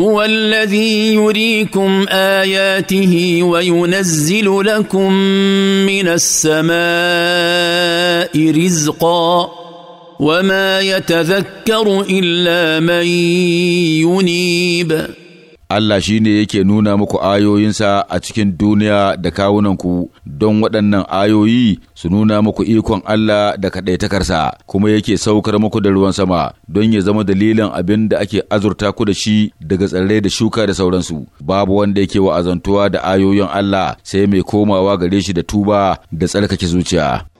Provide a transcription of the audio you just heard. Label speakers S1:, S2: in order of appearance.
S1: هو الذي يريكم اياته وينزل لكم من السماء رزقا وما يتذكر الا من ينيب
S2: Allah shi ne yake nuna muku ayoyinsa a cikin duniya da kawunanku don waɗannan ayoyi su nuna muku ikon Allah da kaɗaitakarsa kuma yake saukar muku da ruwan sama don ya zama dalilin abin da ake azurta ku da shi daga tsirrai da shuka da sauransu babu wanda yake wa'azantuwa da ayoyin Allah sai mai komawa gare shi da tuba da tsarkake zuciya.